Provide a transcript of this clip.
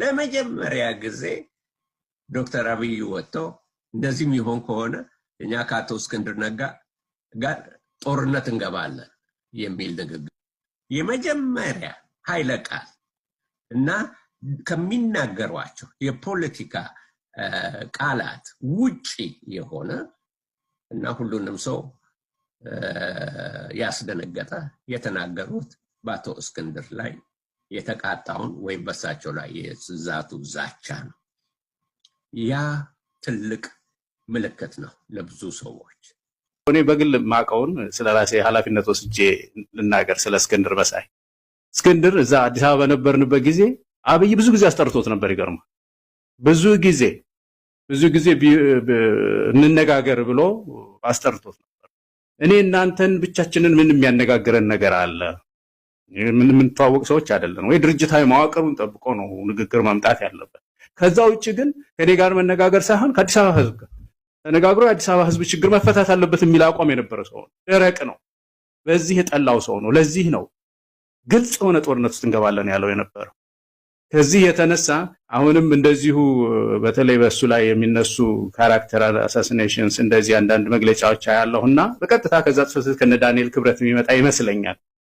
ለመጀመሪያ ጊዜ ዶክተር አብይ ወጥቶ እንደዚህም ይሆን ከሆነ እኛ ከአቶ እስክንድር ነጋ ጋር ጦርነት እንገባለን የሚል ንግግር የመጀመሪያ ኃይለ ቃል እና ከሚናገሯቸው የፖለቲካ ቃላት ውጪ የሆነ እና ሁሉንም ሰው ያስደነገጠ የተናገሩት በአቶ እስክንድር ላይ የተቃጣውን ወይም በሳቸው ላይ የዛቱ ዛቻ ነው። ያ ትልቅ ምልክት ነው ለብዙ ሰዎች። እኔ በግል ማቀውን ስለ ራሴ ኃላፊነት ወስጄ ልናገር ስለ እስክንድር መሳይ። እስክንድር እዛ አዲስ አበባ በነበርንበት ጊዜ አብይ ብዙ ጊዜ አስጠርቶት ነበር። ይገርማል። ብዙ ጊዜ ብዙ ጊዜ እንነጋገር ብሎ አስጠርቶት ነበር። እኔ እናንተን ብቻችንን ምን የሚያነጋግረን ነገር አለ የምንተዋወቅ ሰዎች አይደለን ወይ? ድርጅታዊ መዋቅሩን ጠብቆ ነው ንግግር መምጣት ያለበት። ከዛ ውጭ ግን ከኔ ጋር መነጋገር ሳይሆን ከአዲስ አበባ ህዝብ ጋር ተነጋግሮ የአዲስ አበባ ህዝብ ችግር መፈታት አለበት የሚል አቋም የነበረ ሰው ነው። ደረቅ ነው። በዚህ የጠላው ሰው ነው። ለዚህ ነው ግልጽ የሆነ ጦርነት ውስጥ እንገባለን ያለው የነበረው። ከዚህ የተነሳ አሁንም እንደዚሁ በተለይ በእሱ ላይ የሚነሱ ካራክተር አሳሲኔሽንስ እንደዚህ አንዳንድ መግለጫዎች ያለሁና በቀጥታ ከዛ ጽፈት ከነ ዳንኤል ክብረት የሚመጣ ይመስለኛል።